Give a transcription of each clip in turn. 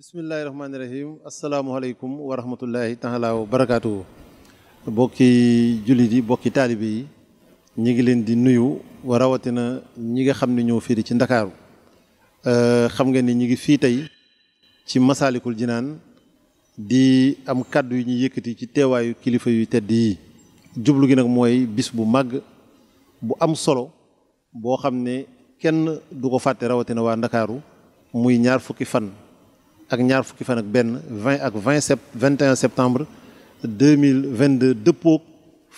bismillahi rahmaani rahim asalaamualeykum wa rahmatullahi taala wa barakaatu. bokki jullit yi bokki taalibe yi ñi ngi leen di nuyu wa rawatina ñi nga xam ne ñoo fii ci ndakaaru euh, xam nga ni ñi ngi fii tey ci masaalikul jinaan di am kàddu yi ñuy yëkkati ci teewaayu kilifa yu tedd yi jublu gi nag mooy bis bu màgg bu am solo boo xam ne kenn du ko fàtte rawatina waa ndakaaru muy ñaar fukki fan ak ñaar fukki fan ak benn 20 ak 20 sept 21 septembre 2022 dëppoog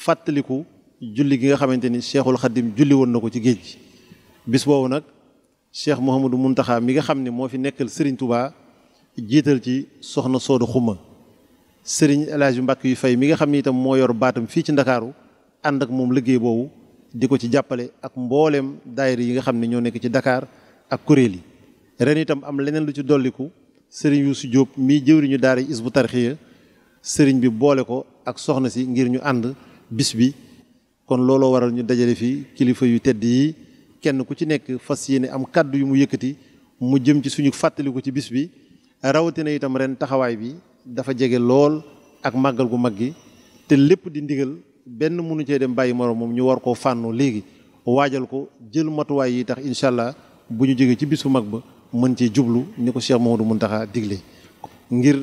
fàttaliku julli gi nga xamante ni cheikhul xadim julli woon na ko ci géej gi bis boobu nag cheikh Mouhamadou Mountakha mi nga xam ne moo fi nekkal Serigne Touba jiital ci soxna Sooda Xuma sëriñ El Hadj Mbàkke yu fay mi nga xam ne itam moo yor baatam fii ci ndakaaru ànd ak moom liggéey boobu di ko ci jàppale ak mbooleem daayira yi nga xam ne ñoo nekk ci ndakaar ak kuréel yi ren itam am leneen lu ci dolliku sëriñ Youssou Diop mi jëwriñu daara Hizbut Tarqiyyah sëriñ bi boole ko ak soxna si ngir ñu ànd bis bi kon looloo waral ñu dajale fii kilifa yu tedd yi kenn ku ci nekk fas yéene am kàddu yu mu yëkkati mu jëm ci suñu fàttaliku ci bis bi rawatina itam ren taxawaay bi dafa jege lool ak màggal gu mag gi te lépp di ndigal benn mënu cee dem bàyyi moroom moom ñu war koo fànnu léegi waajal ko jël matuwaay yi tax incha allah bu ñu jógee ci bisu mag ba mën cee jublu ni ko Cheikh Mouhamadou Mountakha digle ngir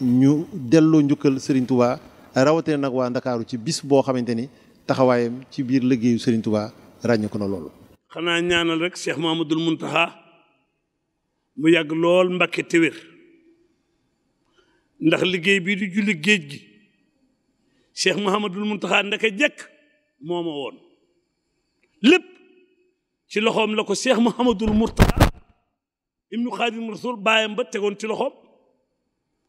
ñu delloo njukkal Serigne Touba rawatina nag waa Ndakaaru ci bis boo xamante ni taxawaayam ci biir liggéeyu Serigne Touba ràññeeku na loolu. xanaa ñaanal rek Cheikh Mouhamadou Mountakha mu yàgg lool Mbàkke te ndax liggéey bii du julli géej gi Cheikh Mouhamadou Mountakha ndaka jekk moo ma woon lépp ci loxoom la ko Cheikh Mouhamadou Mountakha ibnu xaadim rasul baayam ba tegoon ci loxoom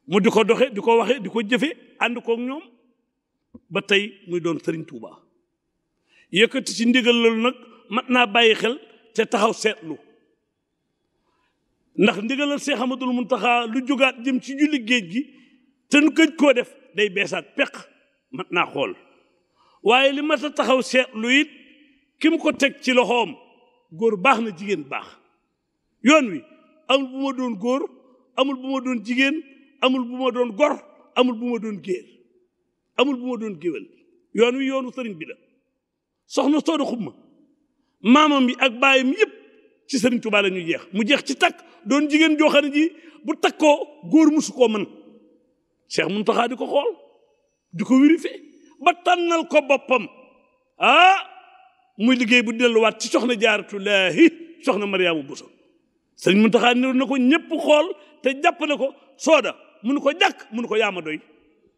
mu di ko doxe di ko waxe di ko jëfe ànd kook ñoom ba tey muy doon sëriñ tuuba yëkkati ci ndigal loolu nag mat naa bàyyi xel te taxaw seetlu ndax ndigalal xamatul mun taxa lu jógaat jëm ci julli géej gi te nu këj koo def day beesaat peq mat naa xool waaye li mat a taxaw seetlu it kim ko teg ci loxoom góor baax na jigéen baax yoon wi amul bu doon góor amul buma doon jigéen amul bu doon gor amul bu ma doon géer amul bu doon géwél yoon wi yoonu sëriñ bi la soxna sooda xub ma maamam yi ak baayam yëpp ci sëriñ Tuubaa ñu jeex mu jeex ci takk doon jigéen joo ji bu takkoo góor musu koo mën Cheikh Muntaxa di ko xool di ko wérife ba tànnal ko boppam ah muy liggéey bu delluwaat ci soxna jaaratullaahi soxna Mariyaamu Buso sëñ Muntaxa niru na ko ñëpp xool te jàpp na ko sooda munu ko jàkk munu ko yaama doy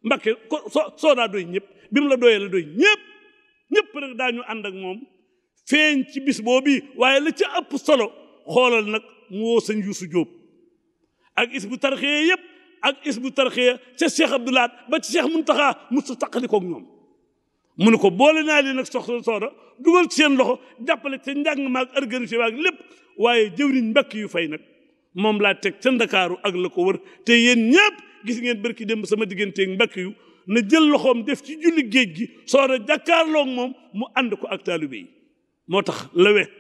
mbakke ko soodaa doy ñëpp bi mu la doyee la doy ñëpp ñëpp nag daañu ànd ak moom feeñ ci bis boobu waaye la ci ëpp solo xoolal nag mu woo sëñ Yuusu Jóob ak bu tarxee yëpp ak bu tarxee ca Cheikh Abdoulaat ba ci Cheikh Muntaxa musu taqalikoog ñoom mu ne ko boole naa leen nag soxla sooda dugal ci seen loxo jàppale ca njàng maak organisé waag lépp waaye jëwriñ mbakk yu fay nag moom laa teg ci ndakaaru ak la ko wër te yéen ñëpp gis ngeen bërki dem sama digganteeg mbakk yu na jël loxoom def ci julli géej gi soo na jàkkaarloog moom mu ànd ko ak taalibe yi moo tax le vingt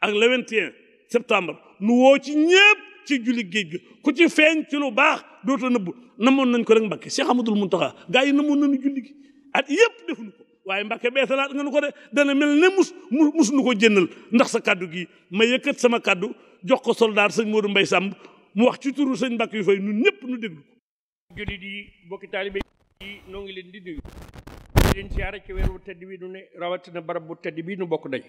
ak le vingt et un septembre nu woo ci ñëpp ci julli géej gi ku ci feeñ ci lu baax doota nëbb moon nañ ko rek mbakki mbakke Cheikh mun taxa gaa yi na namoon nañu julli gi at yëpp defuñu ko waaye Mbàkke beesalaat nga nu ko de dana mel ne mus mus nu ko jëndal ndax sa kàddu gi ma yëkkat sama kàddu jox ko soldaar sëñ Modou Mbaye Samb mu wax ci turu sëñ Mbàkke yu fay nun ñëpp nu déglu ko jullit yi bokki taalibe ngi leen di nuyu di leen siyaare ci weer rawatina barab bu tedd bi nu bokk daje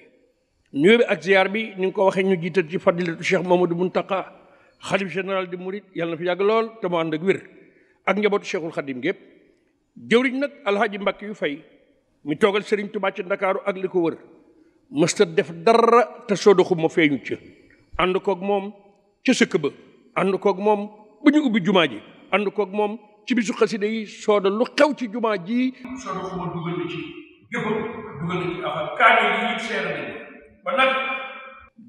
ñu bi ak ziar bi ni nga ko waxee ñu jiital ci fadilatu Cheikh Mamadou Mountakha xalif général di murit yàlla na fi yàgg lool te mu ànd ak wér ak njabootu Cheikhul Khadim gépp jëwriñ nag alhaji Mbàkke yu fay mi toogal Serigne Touba ci Ndakaaru ak li ko wër mësta def dara te soo doxu ma feeñu ca ànd koog moom ci sëkk ba ànd koog moom ba ñu ubbi jumaa ji ànd koog moom ci bisu xasida yi sooda lu xew ci jumaa ji soo doxu ma dugal na ci jëfa dugal na ci afal kaane yi ñu seer ba nag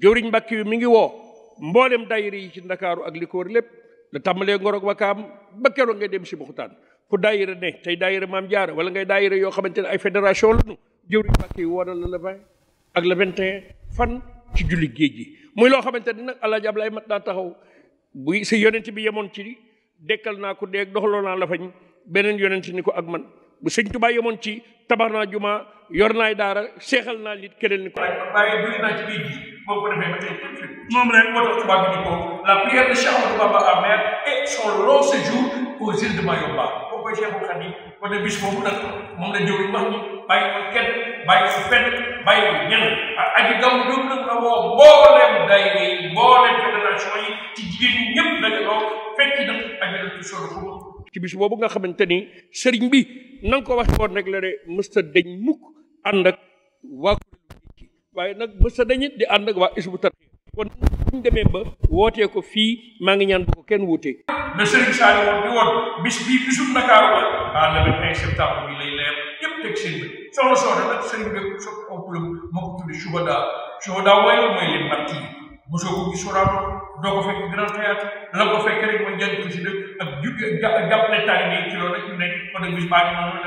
jëwriñ Mbàkke bi mi ngi woo mboolem daayira yi ci Ndakaaru ak li ko wër lépp la tàmbalee Ngorog Wakaam ba keroog nga dem si Buxutaan ku daayira ne tey daayira maam jaar wala ngay daayira yoo xamante ne ay fédération lañu jëwriñ Mbàkke yi woonal la le ak le vingt et fan ci julli loo xamante ne nag Alaaji Ablaay mat naa taxaw bu si yonent bi yemoon ci dekkal naa ko deeg doxaloo naa la fañ beneen yonent ni ko ak man bu sëñ Tuubaa yemoon ci tabax naa juma yor naay daara seexal naa nit keneen ni ko mooy boobu ci bis boobu nga xamante ni sëriñ bi na nga ko wax woon rek la de mësta dañ mukk ànd ak waa kuréel waaye nag mësta dañit di ànd ak waa kon buñ demee ba wootee ko fii maa ngi ñaan bu ko kenn wuute. na Serigne Saliou di woon bis bii bisum Ndakaaru la ah le 21 septembre bi lay leer ñëpp teg seen bi soxna soxna nag Serigne bi sopp ko moo ko tudd Chubada Chubada mooy mooy leen marti mosoo ko gis soraano fekk grand théâtre la fekk rek mooy jàng xasida ak ju jàppale taalibe yi ci loolu rek nekk kon nag bis baa ngi noonu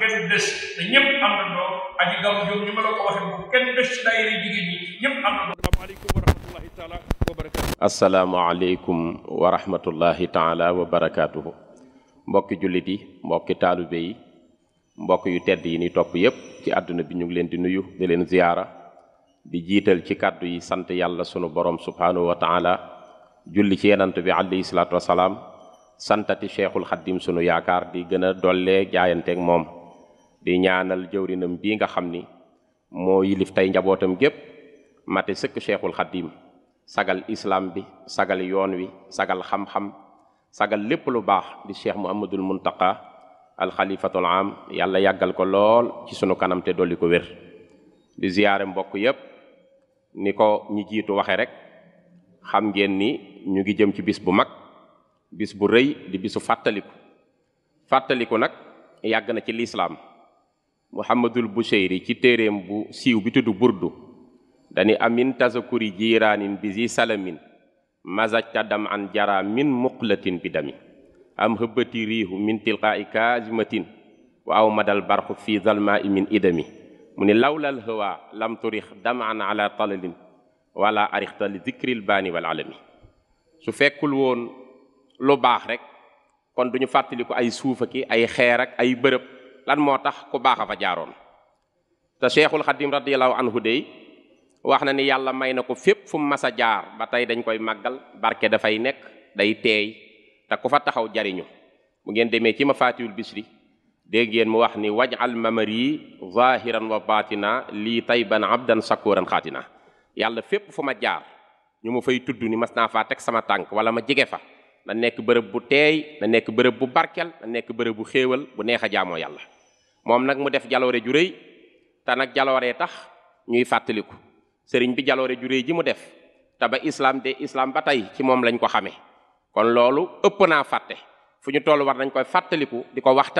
kenn des te ñëpp am na doo aji gam jom ñu ma la ko kenn des ci jigéen ñi ñëpp am na doo asalaamaaleykum wa rahmatullahi taala wa mbokki jullit yi mbokki taalibe yi mbokk yu tedd yi ni topp yépp ci àdduna bi ñu ngi leen di nuyu di leen ziyaara di jiital ci kàddu yi sant yàlla sunu borom subhaanahu wa taala julli ci yenant bi alayhi salaatu santati cheikhul xaddim sunu yaakaar di gën a dollee jaayanteeg moom di ñaanal jëwrinam bii nga xam ni moo yilif tey njabootam gépp mate sëkk cheikhul xaddim sagal islaam bi sagal yoon wi sagal xam-xam sagal lépp lu baax di cheikh muhammadul muntaqa alxalifatul am yàlla yàggal ko lool ci sunu kanam te dolli ko wér di mbokk yépp ni ko ñi jiitu waxe rek xam ngeen ni ñu ngi jëm ci bis bu mag bis bu rëy di bisu fàttaliku fàttaliku nag yàgg na ci lislaam muhammadul busheyri ci téeréem bu siiw bi tudd burdu dani amin tazakuri jiiraanin bi si salamin mazajta dam an jara min muqlatin bi dami am hëbbati riihu min tilqaa'i kaazimatin wa aw madal barqu fi zalmaa'i min idami mu ni lawlal hawa lam turix damaan ala talalin wala arixta li zikril baani wal alami su fekkul woon lu baax rek kon duñu fàttali ko ay suufa ki ay xeer ay bërëb lan moo tax ku baax a fa jaaroon te cheikhul xadim radiallahu anhu dey wax na ni yàlla may na ko fépp fu mu mas a jaar ba tey dañ koy màggal barke dafay nekk day teey te ku fa taxaw jariñu bu ngeen demee ci ma faatiwul bisri dégg ngeen mu wax ni wajal mamari zahiran wa batina lii tayban abdan sakuran xaatina yàlla fépp fu ma jaar ñu ma fay tudd ni mas naa faa teg sama tànk wala ma jige fa na nekk bërëb bu teey na nekk bërëb bu barkel na nekk bërëb bu xéewal bu neex a jaamoo yàlla moom nag mu def jaloore ju rëy te nag jalooree tax ñuy fàttaliku sëriñ bi jaloore ju ji mu def te ba islam de islaam ba tey ci moom lañ ko xamee kon loolu ëpp naa fàtte fu ñu toll war dañ koy fàttaliku di ko waat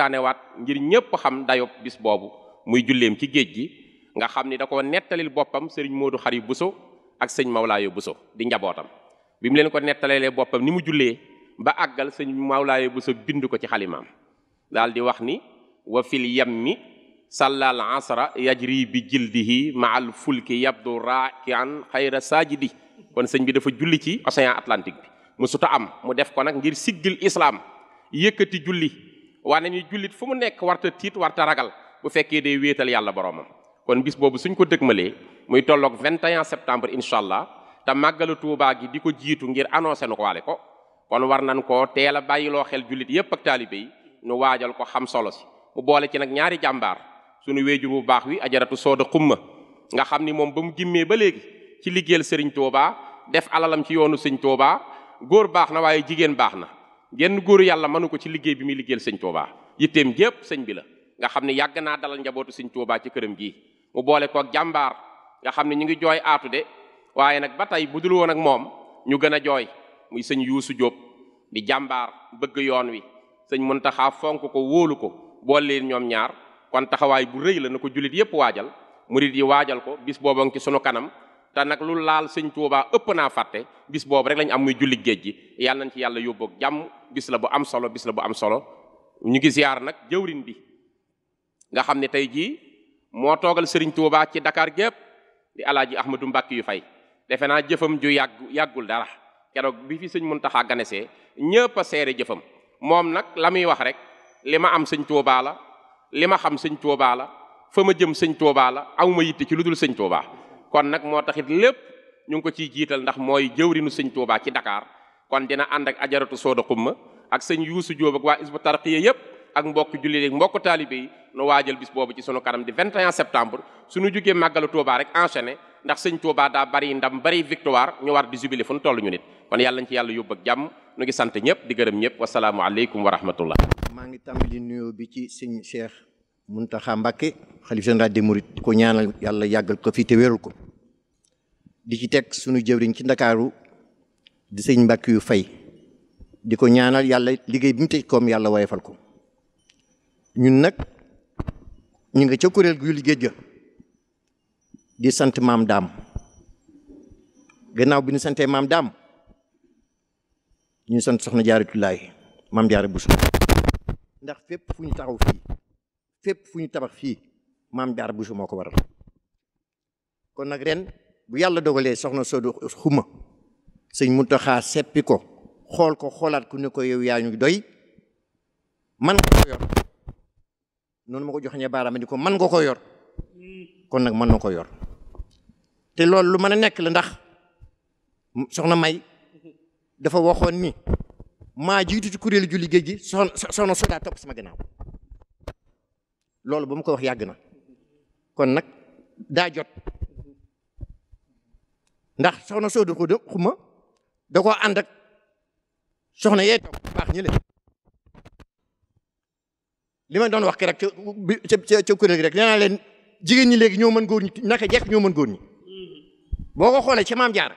ngir ñépp xam dayo bis boobu muy julleem ci géej gi nga xam ni da ko nettalil boppam sëriñ xar Khary Bousso ak sëñ Mawlaayo buso di njabootam bi mu leen ko nettalelee boppam ni mu jullee ba àggal sëñ Mawlaayo Bousso bind ko ci xalimaam daal di wax ni wa fil yammi sallal asra yajri bi jildihi maal fulki yabdu raakian xayra saajidi kon sëñ bi dafa julli ci océan Atlantique bi musuta am mu def ko nag ngir siggil islaam yëkkati julli waane ñu jullit fu mu nekk warta tiit warta ragal bu fekkee day wéetal yàlla boromam. kon bis boobu suñ ko dëgmalee muy tolloog vingt 21 septembre incha allah te màggalu tuubaa gi di ko jiitu ngir annoncé nu ko waale ko kon war nan ko teel a bàyyiloo xel jullit yépp ak taalibe yi nu waajal ko xam solo si mu boole ci nag ñaari jàmbaar suñu wéejur bu baax wi a ajaratu sooda xumma nga xam ni moom ba mu gimmee ba léegi ci liggéeyal sëriñ Touba def alalam ci yoonu sëñ góor baax na waaye jigéen baax na genn góor yàlla mënu ko ci liggéey bi muy liggéeyal sëñ Tuubaa yitteem jépp sëñ bi la nga xam ne yàgg naa dalal njabootu sëñ Tuubaa ci këram gii mu boole kook jàmbaar nga xam ne ñu ngi jooy aatu de waaye nag ba tey bu dul woon ak moom ñu gën a jooy muy sëñ Yuusu Jóob di jàmbaar bëgg yoon wi sëñ Muntaxa fonk ko wóolu ko boole leen ñoom ñaar kon taxawaay bu rëy la na ko jullit yépp waajal murit yi waajal ko bis booba ci sunu kanam te nag lu laal sëñ Tuubaa ëpp naa fàtte bis boobu rek lañ am muy julli géej gi yàlla nañ ci yàlla yóbboog jàmm bis la bu am solo bis la bu am solo ñu ngi ziar nag jëwrin bi nga xam ne tey jii moo toogal sëriñ Tuubaa ci dakaar gépp di alaaji Ahmadu Mbàkke yu fay defe naa jëfam ju yàgg yàggul dara keroog bi fi sëñ Muntaxaa ganesee ñëpp seere jëfam moom nag la muy wax rek li ma am sëñ Tuubaa la li ma xam sëñ Tuubaa la fa ma jëm sëñ Tuubaa la aw ma yitte ci lu dul sëñ kon nag moo taxit lépp ñu ngi ko ciy jiital ndax mooy jëwrinu sëñ Touba ci dakaar kon dina ànd ak ajaratu sooda xumma ak sëñ Yuusu Jóob ak waa isbu tarqiya yépp ak mbokk jullit yi mbokk taalibe yi nu waajal bis boobu ci sunu kanam di 21 septembre suñu jógee màggalu Touba rek enchaîné ndax sëñ Touba daa bari ndam bari victoire ñu war di jubilé fu nu toll ñu nit kon yàlla ñu ci yàlla yóbbu jàmm nu ngi sant ñëpp di gërëm ñëpp wasalaamu aleykum wa rahmatullah maa ngi tàmbali nuyoo bi ci sëñ Cheikh Muntaxa Mbàkke xalif général des mourides ko ñaanal yàlla yàggal ko fii te wérul ko di ci teg sunu jëwriñ ci ndakaaru di sëñ Mbàkke yu fay di ko ñaanal yàlla liggéey bi mu tëj koom yàlla woyofal ko ñun nag ñu nga ca kuréel gu liggéey ga di sant maam daam gannaaw bi ñu santee maam daam ñu sant soxna jaaratullaay mam jaara busu ndax fépp fu ñu taxaw fii fépp fu ñu tabax fii maam bu busu moo ko waral kon nag ren bu yàlla dogalee soxna Soodu xuma sëñ Muntaxa seppi ko xool ko xoolaat ku ne ko yow yaa ñu doy man noonu ma ko joxeñee baaraama ni ko man nga ko yor kon nag mën na ko yor te loolu lu mën a nekk la ndax soxna May dafa waxoon ni maa jiitu ci kuréelu ju liggéey gi soxna soxna Soda topp sama gannaaw loolu ba mu ko wax yàgg na kon nag daa jot ndax soxna soodu ko xuma da koo ànd ak soxna yee toog baax ñi leen li ma doon wax ki rek ca ca rek nee naa leen jigéen ñi léegi ñoo mën góor ñi naka jekk ñoo mën góor ñi boo ko xoolee ca maam jaara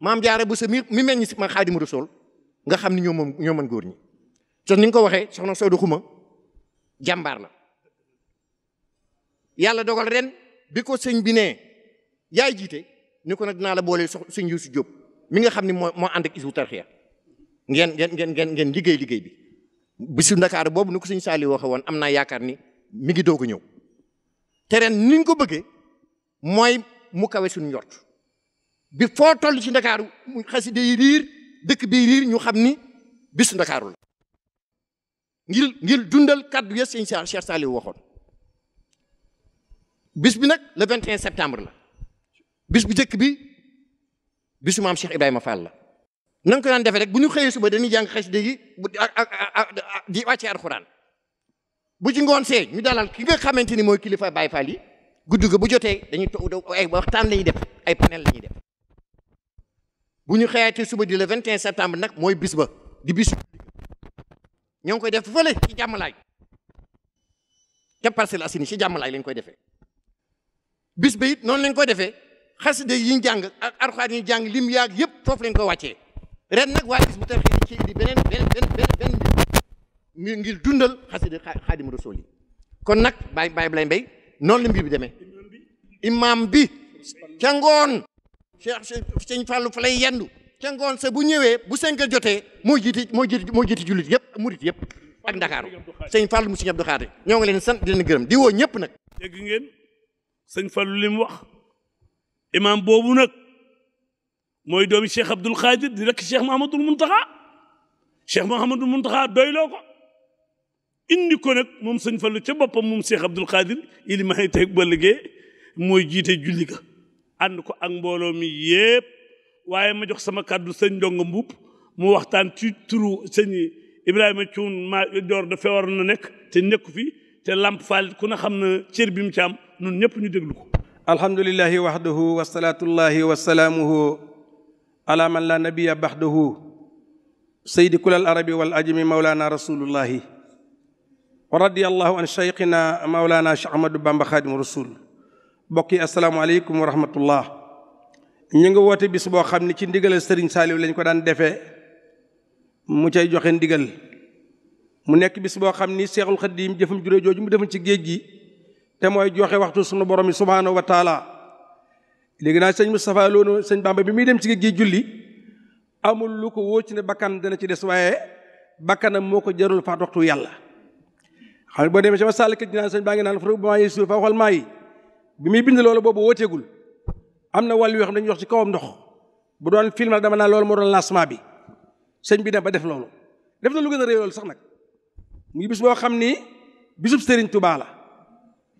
maam jaara bu sa mi mi mel ni si ma xaadimu rasul nga xam ni ñoo moom ñoo mën góor ñi te ni nga ko waxee soxna soodu xuma jàmbaar na yàlla dogal ren bi ko sëñ bi ne yaay jiite ni ko nag dinaa la boole sox sëñ si Diop mi nga xam ne moo moo ànd ak Hizbut ngeen ngeen ngeen ngeen ngeen liggéey liggéey bi bisu Ndakaaru boobu ni ko sëñ Saliou waxe woon am naa yaakaar ni mi ngi doog a ñëw te ren ni ko bëggee mooy mu kawe suñ njort bi foo toll ci Ndakaaru mu xasida riir dëkk bi riir ñu xam ni bisu Ndakaaru la ngir ngir dundal kàddu ya sëñ Cheikh Saliou waxoon bis bi nag le 21 septembre la bis bu njëkk bi bisu maam Cheikh Ibrahima Fall la. na nga ko daan defee rek bu ñu xëyee suba dañuy jàng xasida yi bu di wàccee alxuraan bu ci ngoon see ñu dalal ki nga xamante ni mooy kilifa Baye Fall yi guddi ga bu jotee dañuy toog ay waxtaan la ñuy def ay panel la ñuy def. bu ñu xëyaatee suba di le septembre nag mooy bis ba di bis ñoo ngi koy def fële ci jàmmalaay te Parcelles Assainies ci jàmmalaay lañ koy defee. bis ba it noonu lañ ko defee xasida yi ñu jàng ak arxaat yi ñu jàng lim yaag yëpp foofu lañ ko wàccee ren nag waa gis bu tax ci di beneen beneen beneen beneen ngir dundal xasida xaadimu rasul yi kon nag baay bàyyi bi lay mbéy noonu la mbir bi demee imam bi ca ngoon Cheikh Sëñ Fallou fa lay yendu ca ngoon sa bu ñëwee bu cinq heures jotee moo jiiti moo jiiti moo jiiti jullit yëpp murit yëpp ak ndakaaru Sëñ Fallou mu Sëñ Abdou Khadre ñoo ngi leen sant di leen gërëm ñëpp nag sëñ Fallu li mu wax imaam boobu nag mooy doomi cheikh Abdul Xaadir di rek cheikh Mahamadul Muntaxa cheikh Mahamadul Muntaxa doyloo ko indi ko nag moom sëñ Fallu ca boppam moom cheikh Abdul Xaadir ili may tey ba liggéey mooy jiite julli ga ànd ko ak mbooloo mi yépp waaye ma jox sama kàddu sëñ Ndongo Mbuub mu waxtaan ci turu sëñ Ibrahima Cuun ma joor dafee war nekk te nekk fi te Lamp Fall ku ne xam na cër bi mu ci am nun ñëpp ñu déglu ko alhamdulillahi waxdahu wa salaatullahi wa salaamuhu ala man la nabiya baxdahu saydi kulal arabi wal ajami mawlana rasulullahi wa radiyallahu an cheikhina mawlana cheikh ahmadou bamba xaadimu rasul mbokk yi asalaamaaleykum wa rahmatullah ñu ngi woote bis boo xam ne ci ndigalal sëriñ saaliw lañ ko daan defe mu cay joxe ndigal mu nekk bis boo xam ni seexul xadiim jëfam juré jooju mu defal ci géej gi te mooy joxe waxtu sunu borom yi subhaanahu wa taala léegi naa sëñ Moustapha loolu sëñ Bamba bi muy dem ci géej julli amul lu ko wóor ci ne bakkan dana ci des waaye bakkanam moo ko jarul faat waxtu yàlla xam ne boo demee sama sàll kër dinaa sëñ baa ngi naan fa ba maayi suuf fa waxal maa bi muy bind loolu boobu wóoteegul am na wallu yoo xam dañuy wax ci kawam ndox bu doon film la dama naa loolu moo doon lancement bi sëñ bi dem ba def loolu def na lu a réy sax nag muy bis boo xam ni bisub Sëriñ Tuubaa la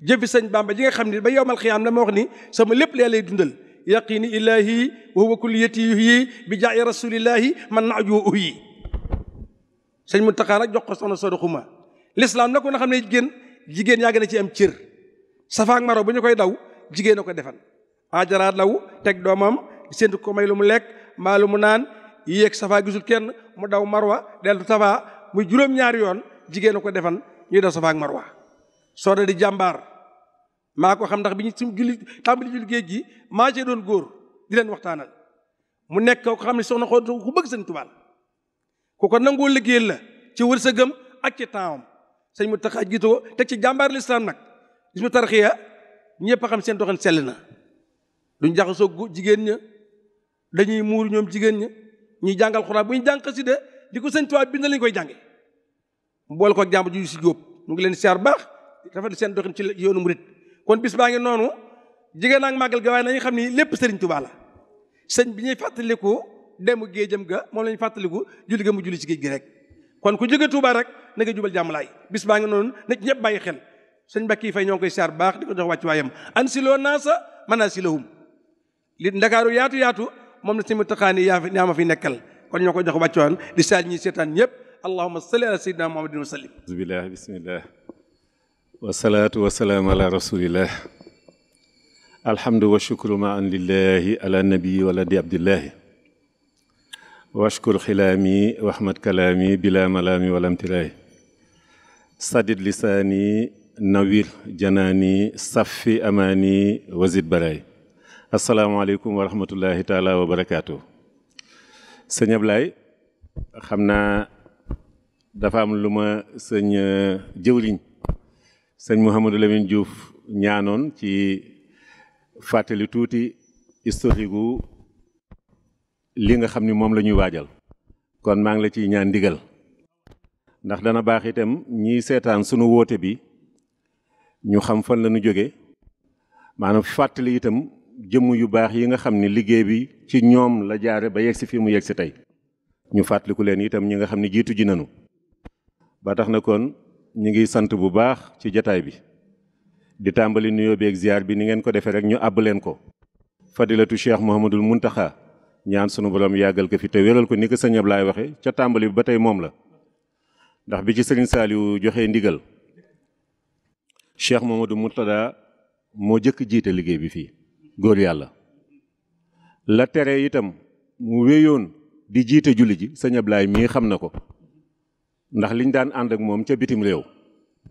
jëfi sëñ ba ji nga xam ni ba yowmal xiyaam la ma wax ni sama lépp lee lay dundal yaqini ilahi wa huwa kulliyati yuhyi bi jaayi rasulillahi man na naju uhyi sëñ mu nag jox ko soxna Sooda Xuma lislaam nag ko nga xam ne jigéen jigéen yaa gën a ci am cër safaak maro bu ñu koy daw jigéen a ko defal ajara daw teg doomam séntu ko may lu mu lekk mbaa lu mu naan yéeg safa gisul kenn mu daw marwa dellu safa muy juróom-ñaari yoon jigéen a ko defal ñuy daw safaak marwa sooda di jàmbaar maa ko xam ndax bi ñu suñu julli tàmbali julli géej gi maa cee doon góor di leen waxtaanal mu nekk xam ne soxna xool ku bëgg sëñ Tuubaa ku ko nangoo liggéeyal la ci wërsëgam ak ci tempsam sëñ mu tax a jiitoo teg ci jàmbaar lislaam nag gis mu tarxiya ñëpp xam seen doxin sell na duñ jaxasoo jigéen ña dañuy muur ñoom jigéen ña ñuy jàngal xuraan bu ñu jàng xasida di ko sëñ Tuubaa bind koy jànge mu boole ko ak jàmb ju si jóob mu ngi leen siyaar baax rafetlu seen doxin ci yoonu murit kon bis baa ngi noonu jigéen ak màggal ga waaye nañu xam ni lépp sëriñ Tuubaa la sëñ bi ñuy fàttaliku demu géejam ga moom la ñu fàttaliku julli ga mu julli ci géej gi rek kon ku jóge Tuubaa rek na nga jubal jàmmalaay bis baa ngi noonu nit ñëpp bàyyi xel sëñ Mbàkke yi fay ñoo ngi koy saar baax di ko jox wàcc waayam an siloo naa sa mën naa silahum li ndakaaru yaatu yaatu moom la sëñ Muntaxaa ni yaa yaa ma fi nekkal kon ñoo koy jox wàcc waayam di saal ñi seetaan ñëpp allahumma salli ala sayyidina muhammadin wa sallim wasalaatu wasalaam ala rasulillah alhamdu wa shukru ma an lillahi ala nabii wala di abdillahi washkur xilaami waxmat kalaami bila malaami wala amtilaahi sadid lisaani nawir janaani safi amaani wazid baraay asalaamaaleykum wa rahmatullahi taala wa barakaatu sëñ Ablaye xam naa dafa am lu ma sëñ euh, jëwriñ sëñ Mouhamadou Lamine juuf ñaanoon ci fàttali tuuti historique li nga xam ni moom la ñuy waajal. kon maa ngi la ciy ñaan ndigal. ndax dana baax itam ñiy seetaan sunu woote bi ñu xam fan la ñu jóge maanaam fàttali itam jëmm yu baax yi nga xam ni liggéey bi ci ñoom la jaare ba yegg si fii mu yegg si tey. ñu fàttaliku leen itam ñi nga xam ni jiitu ji nanu ba tax na kon. ñu ngi sant bu baax ci jataay bi di tàmbali nuyoo beeg ziar bi ni ngeen ko defee rek ñu àbb leen ko fadilatu cheikh mohamadul muntaxa ñaan sunu borom yàggal ko fi te weral ko ni ko sëñ Ablaay waxe ca tàmbali bi ba tey moom la ndax bi ci sëriñ Saaliwu joxee ndigal cheikh mohamadul murtada moo jëkk jiite liggéey bi fii góor yàlla la tere itam mu wéyoon di jiite julli ji sëñ Ablaay mii xam na ko ndax liñ daan ànd ak moom ca bitim réew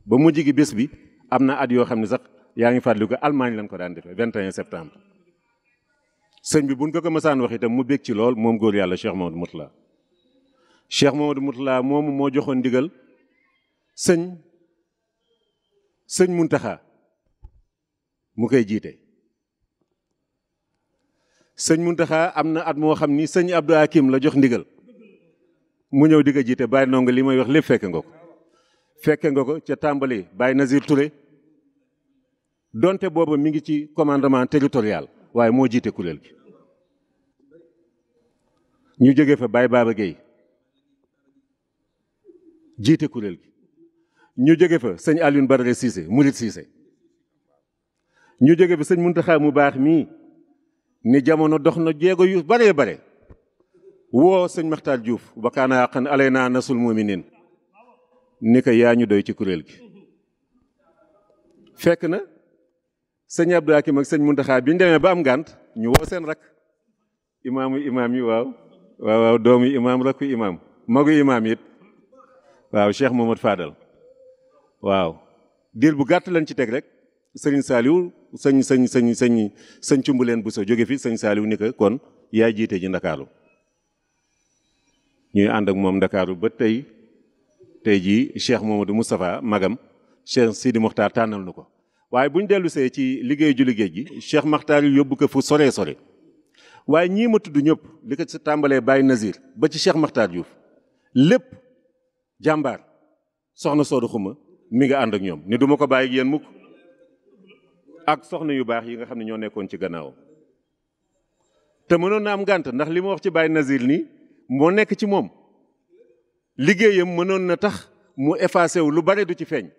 ba mujj gi bés bi am na at yoo xam ne sax yaa ngi fàttaliku Allemagne lañ ko daan defee 21 septembre. sëñ bi bu buñ ko ko mësaan wax itam mu bég ci lool moom góor yàlla Cheikh Mamadou Moutala Cheikh Mamadou Moutala moomu moo joxoon ndigal sëñ sëñ Muntaxa mu koy jiite. sëñ Muntaxa am na at moo xam ni sëñ Abdou Hakim la jox ndigal mu ñëw di ko jiite bàyyi ndongo li may wax lépp fekke nga ko fekke nga ko ca tàmbali bàyyi Nazir Touré donte booba mi ngi ci commandement territorial waaye moo jiite kuréel gi ñu jóge fa bàyyi Baba Gueye jiite kuréel gi ñu jóge fa sëñ Alioune Badara Cissé Mourid Cissé ñu jóge fa sëñ Muntaxa mu baax mii ni jamono dox na jéego yu baree bare woo sëñ Maxtaar Diouf ba kaana yàqan alay naa nasul muminin ni ko yaa ñu doy ci kuréel gi fekk na sëñ ki mag ak sëñ Muntaxa bi ñu demee ba am gànt ñu woo seen rak imaamu imaam yi waaw waaw waaw doomu imaam rakku imaam magu imaam it waaw Cheikh Mohamad Fadal waaw diir bu gàtt lañ ci teg rek sëñ Saliou sëñ sëñ sëñ sëñ sëñ leen bu sa jóge fi sëñ Saliou ni ko kon yaa jiite ji Ndakaaru ñuy ànd ak moom ndakaaru ba tey tey jii Cheikh Mamadou Moustapha magam Cheikh Sidi Mokhtar tànnal nu ko waaye bu ñu dellusee ci liggéey julli géej gi Cheikh Makhtar yóbbu ko fu sore sore waaye ñii ma tudd ñëpp li ko ci tàmbalee Baye Nazir ba ci Cheikh Makhtar Diouf lépp jàmbaar soxna Soodu Xuma mi nga ànd ak ñoom ni duma ko bàyyi ak yéen mukk ak soxna yu baax yi nga xam ne ñoo nekkoon ci gannaawam te mënoon na am gànt ndax li ma wax ci Baye Nazir nii moo nekk ci moom liggéeyam mënoon na tax mu effacé wu lu bare du ci feeñ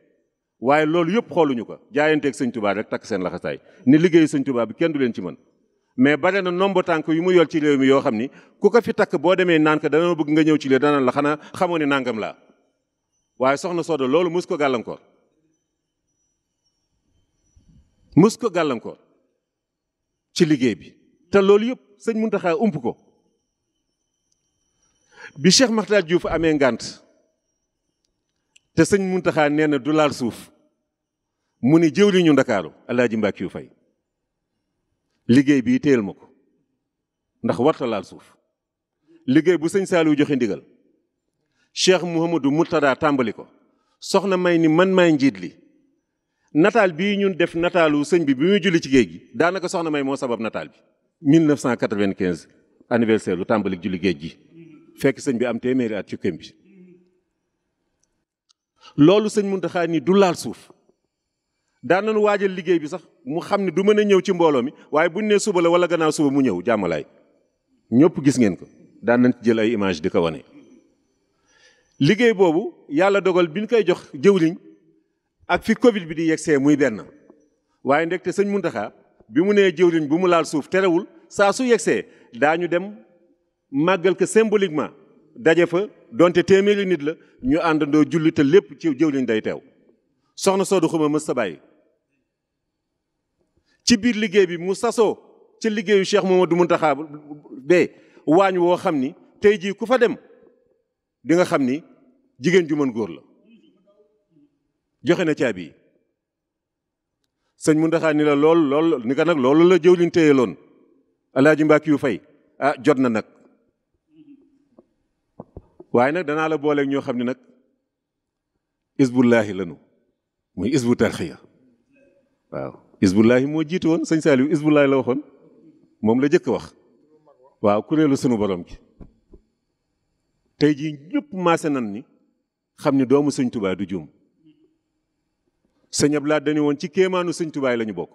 waaye loolu yëpp xooluñu ko jaayanteeg sëñ tubaa rek takk seen laxasaay ni liggéey sëñ tubaa bi kenn du leen ci mën mais bare na nombo tànk yu mu yor ci réew mi yoo xam ni ku ko fi takk boo demee naan ko dana bëgg nga ñëw ci lii dana la xanaa xamoo ne nangam laa waaye soxna Soda loolu mus ko gàllankoor mus ko gàllankoor ci liggéey bi te loolu yëpp sëñ Muntaxa ump ko bi Cheikh Makhtar Diouf amee ngànt te sëñ Muntaxa nee na du laal suuf mu ni jëwriñu ndakaaru Alaaji Mbàkke yu fay liggéey bii téyel ma ko ndax warta laal suuf liggéey bu sëñ Saaliw joxe ndigal Cheikh Mouhamadou Murtada tàmbali ko soxna may ni man maay njiit li nataal bii ñun def nataalu sëñ bi bi muy julli ci géej gi daanaka soxna may moo sabab nataal bi 1995 anniversaire lu tàmbali julli géej gi fekk sëñ bi am téeméeri at ci këm bi loolu sëñ Muntaxa nii du laal suuf daan nañu waajal liggéey bi sax mu xam ne du mën a ñëw ci mbooloo mi waaye bu buñ nee suba la wala gannaaw suba mu ñëw jàmmalaay ñëpp gis ngeen ko daan nañ jël ay image di ko wane. liggéey boobu yàlla dogal bi ñu koy jox jëwriñ ak fi Covid bi di yegsee muy benn waaye ndekte sëñ Muntaxa bi mu nee jëwriñ bu mu laal suuf terewul saa su yegsee daañu dem. màggal ko symboliquement daje fa donte téeméeri nit la ñu àndandoo julli te lépp ci jëw day teew soxna soodu xuma mës sa bàyyi ci biir liggéey bi mu sasoo ci liggéeyu Cheikh Mamadou Muntaxa bee waañ woo xam ni tey jii ku fa dem di nga xam ni jigéen ju mën góor la joxe na caabi yi sëñ Muntaxa ni la lool lool ni ko nag loolu la jëwliñ téye loon alaaji Mbàkke yu fay ah jot na nag waaye nag danaa la booleeg ñoo xam ni nag isbullaahi lanu muy isbu tarxiya waaw isbullaahi moo jiitu woon sëñ Saliou isbullaahi la waxoon moom la jëkk wax waaw kuréelu sunu borom gi tey jii ñëpp maase nan ni xam ni doomu sëñ Tuubaa du juum sëñ Ablaay dañu woon ci kéemaanu sëñ Tuubaa la bokk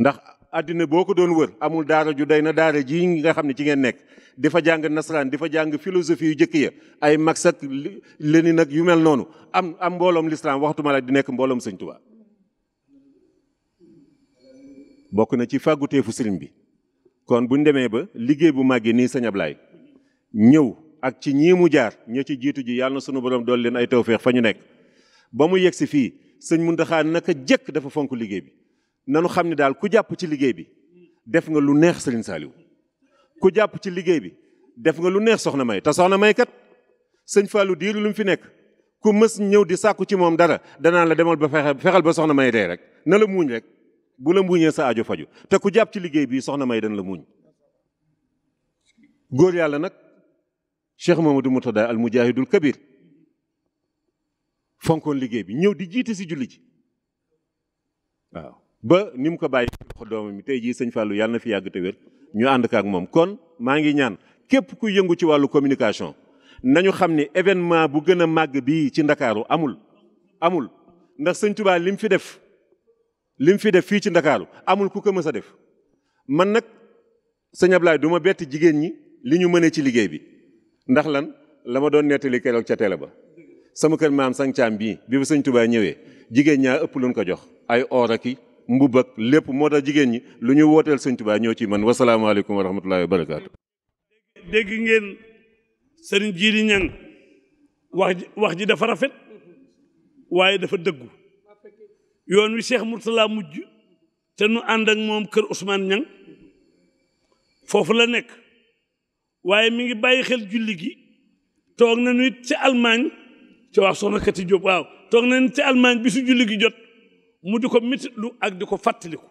ndax àddina boo ko doon wër amul daara ju day na daara jii nga xam ne ci ngeen nekk di fa jàng nasaraan di fa jàng filosofi yu jëkk ya ay Marx ak nag yu mel noonu am am mbooloom lislaam waxtuma la di nekk mbooloom sëñ Tuubaa bokk na ci fàgguteefu sëriñ bi kon buñ demee ba liggéey bu màggee nii sëñ Ablaay ñëw ak ci ñii mu jaar ña ci jiitu ji yàlla na sunu borom dool leen ay tawféex fa ñu nekk ba mu yegg si fii sëñ Muntaxa naka jëkk dafa fonk liggéey bi nanu xam ne daal ku jàpp ci liggéey bi def nga lu neex Serigne Saliou ku jàpp ci liggéey bi def nga lu neex soxna may te soxna may kat sëñ Fallou diiru lu mu fi nekk ku mës ñëw di sàkku ci moom dara danaa la demal ba fexe fexeel ba soxna may dee rek na la muuñ rek bu la muuñee sa aajo faju te ku jàpp ci liggéey bi soxna may dana la muuñ góor yàlla nag Cheikh Mamadou Moutada al mujahidul kabir fonkoon liggéey bi ñëw di jiite si julli ji waaw ba ni mu ko bàyyi loxo doomam mi tey jii sëñ Fallou yàlla na fi yàgg te wér ñu ànd ak moom kon maa ngi ñaan képp ku yëngu ci wàllu communication nañu xam ni événement bu gën a màgg bii ci ndakaaru amul amul ndax sëñ Touba li fi def li fi def fii ci ndakaaru amul ku ko mës a def man nag sëñ Ablaye du ma bett jigéen ñi li ñu mënee ci liggéey bi ndax lan la ma doon nettali keroog ca télé ba sama kër maam sang bii bi ba sëñ Touba ñëwee jigéen ñaa ëpp luñ ko jox ay or mbubb ak lépp moo tax jigéen ñi lu ñuy wooteel sëñ Tuubaa ñoo ci man wasalaamaaleykum wa rahmatullahi wa barakaatu. dégg ngeen sëriñ Jiili Ñang wax wax ji dafa rafet waaye dafa dëggu yoon wi Cheikh Mourtala mujj te nu ànd ak moom kër Ousmane Ñang foofu la nekk waaye mi ngi bàyyi xel julli gi toog nañu it ci almaañ ci wax soxna Kati Diop waaw na nañu ci almaañ bi su julli gi jot. mu di ko lu ak di ko fàttaliku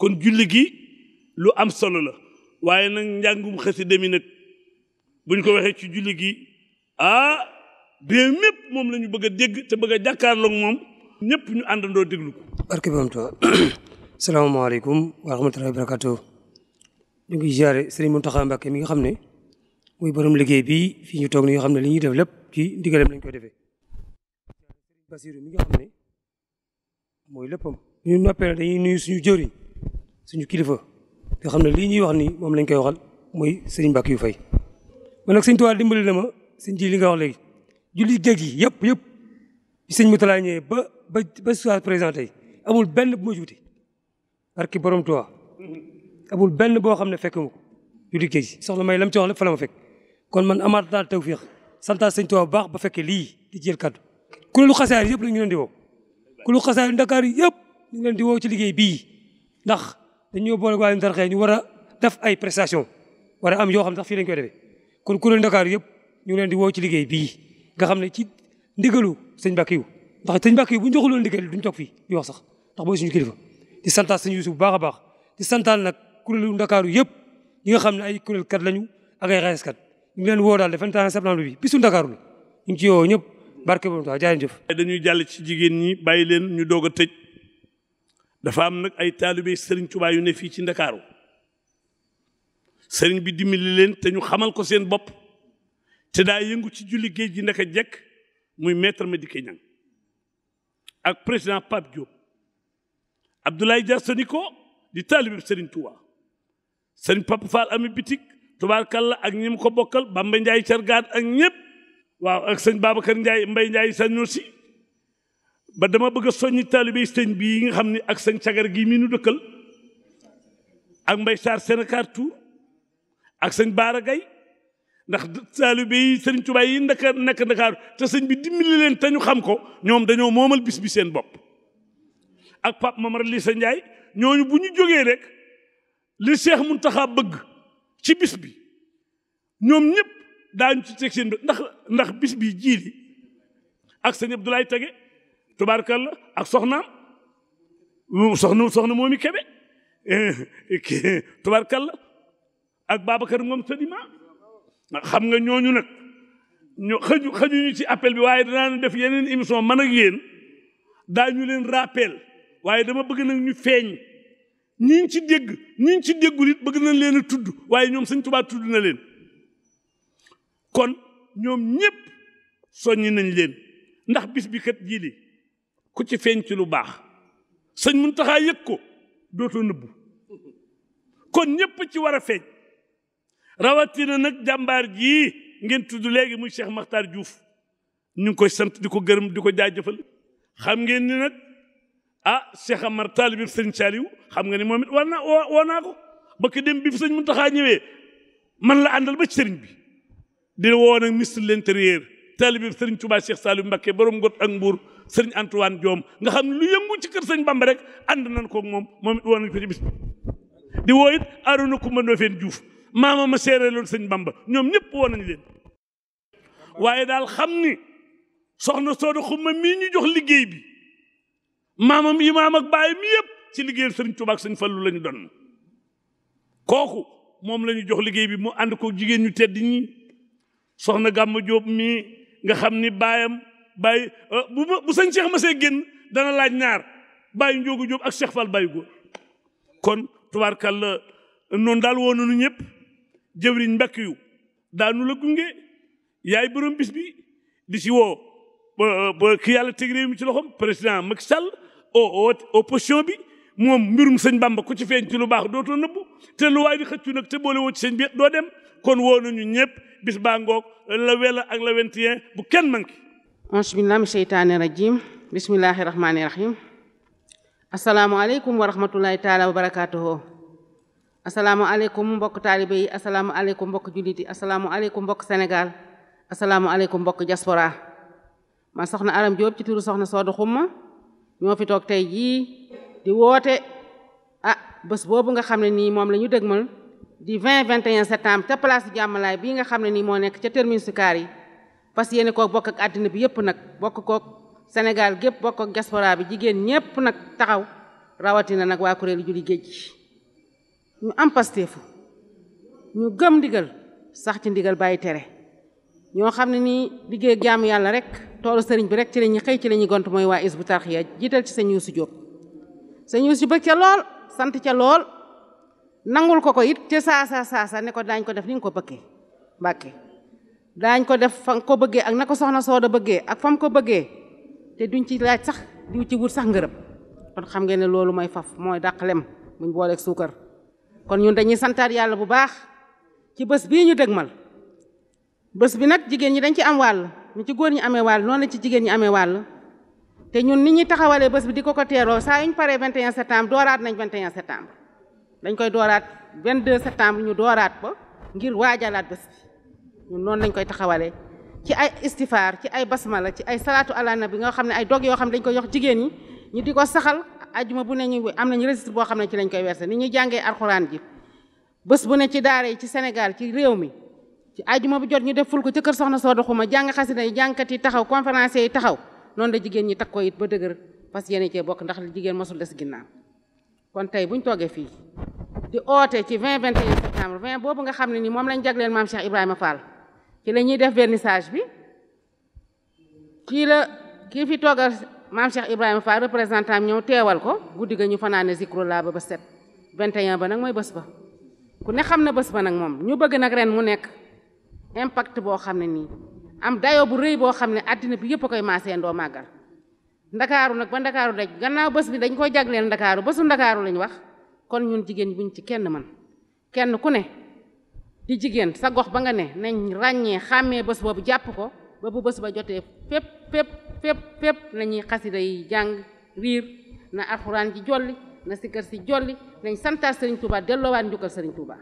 kon julli gi lu am solo la waaye nag njàngum xasida mi nag buñ ko waxee ci julli gi ah réew mépp moom lañu bëgg a dégg te bëgg a jàkkaarloog moom ñëpp ñu àndandoo déglu ko. barke bi am tuwa salaamaaleykum wa rahmatullahi wa barakatuh ñu ngi ziare mi nga xam ne muy borom liggéey bi fii ñu toog ni nga xam ne li ñuy def lépp ci ndigalam lañ koy defee Basiru mi nga xam ne mooy léppam ñu noppee dañuy nuyu suñu jëriñ suñu kilifa nga xam ne lii ñuy wax nii moom lañ koy waxal mooy sëriñ Mbàkke yu fay man nag sëñ Tuubaa dimbali na ma ji li nga wax léegi juli géej gi yëpp yëpp bi sëñ mu talaa ba ba ba présenté amul benn bu ma juuti barki borom Tuubaa amul benn boo xam ne fekk ma ko julli géej gi may lam ci wax lépp fa la fekk kon man amaat naa tawfiix santaa sëñ Tuubaa bu baax ba fekkee lii di jël kàddu kuréelu xasaar yëpp la ñu leen di wo kulu xasaay Dakar yëpp ñu ngi leen di woo ci liggéey bii ndax dañoo boole waa Ndarxee ñu war a def ay prestation war am yoo xam ne sax fii lañ koy defee kon kuréel Dakar yëpp ñu ngi leen di woo ci liggéey bii nga xam ne ci ndigalu sëñ Bakkiyu ndax sëñ Bakkiyu bu ñu joxuloon ndigal duñ toog fii di wax sax ndax mooy suñu kilifa di santaal sëñ Yuusuf baax a baax di santaal nag Ndakaaru yëpp ñi nga xam ne ay kuréel kat lañu ak ay kat ñu ngi leen woo daal le 21 septembre bi bisu Ndakaaru la ñu ngi ci ñëpp barke boobu daal jaay jëf. dañuy jàll ci jigéen ñi bàyyi leen ñu doog a tëj dafa am nag ay taalibe Serigne Touba yu ne fii ci ndakaaru sëriñ bi dimbali leen te ñu xamal ko seen bopp te daa yëngu ci julli géej gi ndaka jekk muy maître Madické Niang ak président Pape Diop Abdoulaye Dia Soniko di taalibe Serigne Touba Serigne Pape Fall ami bitik tubaarkalla ak ñi ko bokkal Bamba Ndiaye Cargaan ak ñëpp. waaw ak sëñ Babacar njaay mbay Ndiaye sañu si ba dama bëgg a soññi taalibe sëñ bii nga xam ni ak sëñ cagar gi mii nu dëkkal ak Mbaye Sarr Sénégal tout ak sëñ Baara Gaye ndax taalibe yi sëriñ Tuubaa yi ndaka nekk Ndakaaru te sëñ bi dimbali leen te ñu xam ko ñoom dañoo moomal bis bi seen bopp ak Pape Mamar Lissa Ndiaye ñooñu bu ñu jógee rek li Seex taxa bëgg ci bis bi ñoom ñëpp daañu ci teg seen ndax ndax bis bi jiili ak sëñ Abdoulaye Tege tubaarkalla ak soxnaam soxna soxna moomi Kebe eh, tubaarkalla ak Babacar Ngom Sadima xam nga ñooñu nag ñoo xaju xajuñu ci appel bi waaye danañu def yeneen émission man ak yéen ñu leen rappel waaye dama bëgg nag ñu feeñ ñi ñu ci dégg ñi ñu ci déggul it bëgg nañ leen a tudd waaye ñoom sëñ Tuubaa tudd na leen kon ñoom ñépp soññi nañ leen ndax bis bi kat jii li ku ci feeñ ci lu baax sëñ Muntaxa yëg ko dootoo nëbbu kon ñépp ci war a feeñ rawatina nag jàmbaar jii ngeen tudd léegi muy Cheikh Makhtar juuf ñu ngi koy sant di ko gërëm di ko jaa jaajëfal xam ngeen ni nag ah Cheikh Amar taalibi sëñ Saliou xam nga ni moom it war naa woo naa ko ba dem bi fi sëñ Muntaxa ñëwee man la àndal ba ci sëriñ bi di woo nag ministre de l'intérieur taalibe sëriñ Touba Cheikh Saliou Mbacké borom ngot ak mbuur sëriñ Antoine Diome nga xam ne lu yëngu ci kër sëñ Bamba rek ànd nañ koog moom moom it woo nañ di woo it Arouna Coumba Ndoffène Diouf maama ma seere loolu sëñ Bamba ñoom ñëpp woo nañ leen daal xam ni soxna Sooda Xuma mii ñu jox liggéey bi maamam imaam ak baay mi yëpp ci liggéeyal sëriñ Touba sëñ Fallu la ñu kooku moom la jox liggéey bi mu ànd ko jigéen ñu tedd ñi soxna Gàmmu Jóob mi nga xam ni baayam baay euh, bu bu sëñ Cheikh Masee génn dana laaj ñaar baay Njoogu Jóob ak Cheikh Fall bàyyi góor kon tubaarkàlla noon daal woo nañu ñëpp jëwriñ mbakk yu daanu la gunge yaay borom bis bi di si woo ba ki yàlla teg réew mi ci loxoom président Macky Sall o bi moom mbirum sëñ Bamba ku ci feeñ ci lu baax dootoo nëbbu te lu waay di xëccu nag te boole woo ci señ bi doo dem kon woo nañu ñëpp bis baa ngoog la wela ak la vingt bu kenn manki auzu billaahi rajiim bismillaahi rahmaani rahiim assalaamu aleykum wa rahmatullaahi barakaatuhu assalaamu aleykum mbokk taalibe yi assalaamu aleykum mbokk jullit assalaamu aleykum mbokk Sénégal assalaamu aleykum mbokk diaspora man soxna Aram Jóob ci turu soxna Soodu Xumma ñoo fi toog tey jii di woote ah bés boobu nga xam ne nii moom lañu ñu dëgmal di 20 21 septembre te place jàmmalaay bii nga xam ne nii moo nekk ca terminus Kaar yi parce que yéen koo bokk ak àddina bi yëpp nag bokk kook Sénégal gépp bokk ak diaspora bi jigéen ñëpp nag taxaw rawatina nag waa kuréelu julli géej gi ñu am pasteefu ñu gëm ndigal sax ci ndigal bàyyi tere ñoo xam ne nii liggéey jaamu yàlla rek toolu sëriñ bi rek ci la ñuy xëy ci la ñuy gont mooy waa is bu jiital ci sëñ Youssou Diop sëñ Youssou Diop bëgg ca lool nangul ko ko it ca saasa saasa ne ko daañ ko def ni nga ko bëggee mbàkke daañ ko def fa ko bëggee ak na ko soxna sooda bëggee ak fam ko bëggee te duñ ci laaj sax duñ ci wut sax ngërëm kon xam ngeen ne loolu mooy faf mooy dàq lem buñ booleeg suukar kon ñun dañuy santaat yàlla bu baax ci bés bii ñu dëgmal bés bi nag jigéen ñi dañ ci am wàll ñu ci góor ñi amee wàll noonu la ci jigéen ñi amee wàll te ñun nit ñi taxawalee bés bi di ko ko teeroo saa yuñ paree 21 septembre dooraat nañ 21 septembre dañ koy dooraat 22 septembre ñu dooraat ko ngir waajalaat bés bi ñun noonu lañ koy taxawalee ci ay istifaar ci ay basmala ci ay salaatu ala bi nga xam ne ay dog yoo xam ne dañ koy yox jigéen ñi ñu di ko saxal ajuma bu ne ñu am nañu registre boo xam ne ci lañ koy verse ni ñuy jàngee alxuraan ji bés bu ne ci daara yi ci Sénégal ci réew mi ci ajuma bu jot ñu deful ko ca kër soxna soo doxuma jàng xasida yi jàngkat yi taxaw conférencier yi taxaw noonu la jigéen ñi takkoo it ba dëgër parce que yéen cee bokk ndax jigéen mosul des ginnaaw kon tey buñ toogee fii di oote ci vingt 20 21 septembre 20 boobu nga xam ne ni moom lañ jagleel maam Cheikh Ibrahima Fall ci la ñuy def vernissage bi kii la kii fi toogal maam Cheikh Ibrahima Fall représentant ñëw teewal ko guddi ga ñu fanaane zikru laa ba ba set 21 ba nag mooy bés ba ku ne xam na bës ba nag moom ñu bëgg nag ren mu nekk impact boo xam ne nii am dayo bu rëy boo xam ne àddina bi yëpp a koy maasee ndoo màggal ndakaaru nag ba ndakaaru daj gannaaw bës bi dañ koy jagleel ndakaaru bësu ndakaaru lañu wax kon ñun jigéen bu ñu ci kenn man kenn ku ne di jigéen sa gox ba nga ne nañ ràññee xàmmee bés boobu jàpp ko ba bu bës ba jotee fépp fépp fépp fépp nañuy xasida yi jàng riir na alxuraan ji jolli na sikkar si jolli nañ santaat sëriñ Touba delloowaat njukkal sëriñ Touba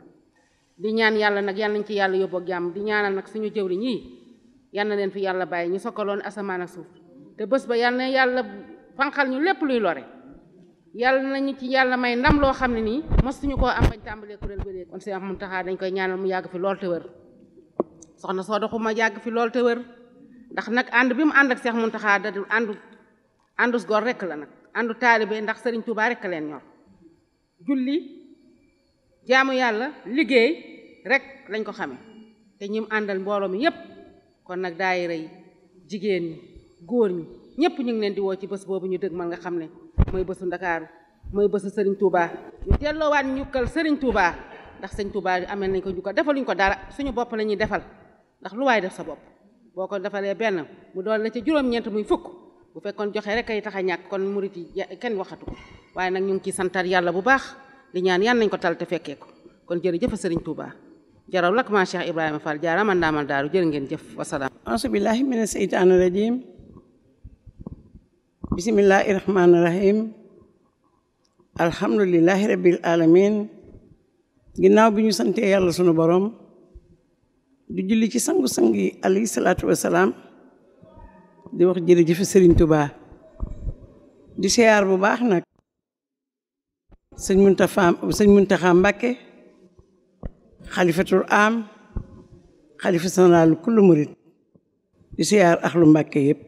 di ñaan yàlla nag yàlla nañ ci yàlla yóbbu jàmm di ñaanal nag suñu jëwriñ yi yal na leen fi yàlla bàyyi ñu sokkaloon asamaan suuf te bés ba yàlla na yàlla fanqal ñu lépp luy lore yàlla nañu ci yàlla may ndam loo xam ne nii mosuñu koo am bañ tàmbalee kuréel ba léegi kon Sëñ Muntaxa dañ koy ñaanal mu yàgg fi lool te wër soxna soo doxuma yàgg fi lool te wër ndax nag ànd bi mu ànd ak seex mun Muntaxa da àndu àndus gor rek la nag àndu taalibe ndax Sëriñ Tuubaa rek leen ñor julli jaamu yàlla liggéey rek lañ ko xamee te ñim àndal mbooloo mi yépp kon nag daayira rey jigéen ñi góor ñi ñëpp ñu ngi leen di woo ci bés boobu ñu dëgg man nga xam ne mooy bésu Ndakaaru mooy bésu Serigne Touba ñu delloowaat ñukkal Serigne Touba ndax Serigne Touba amel nañ ko njukkal defaluñ ko dara suñu bopp la ñuy defal ndax lu waay def sa bopp boo ko defalee benn mu doon la ca juróom-ñeent muy fukk bu fekkoon joxe rek ay tax a ñàkk kon murit yi kenn waxatu ko waaye nag ñu ngi ciy santaat yàlla bu baax di ñaan yan nañ ko tal te fekkee ko kon jërëjëf Serigne Touba. jaraw lak ma Cheikh Ibrahima Fall jaaraama ndaamal daaru jërë ngeen jëf wasalaam. asubillahi mina bisimillahi rahmaani rahim alhamdulilahi rabil alamin ginnaaw bi ñu santee yàlla sunu borom du julli ci sangu-sang yi alayhi salaatu wasalaam di wax jërëjëf Sëriñ Tubaa di siyaar bu baax nag sëñ Muntaxa sëñ Muntaxa Mbàkke xalifatul am xalifa sanaalu kullu murit di siyaar axlu Mbàkke yëpp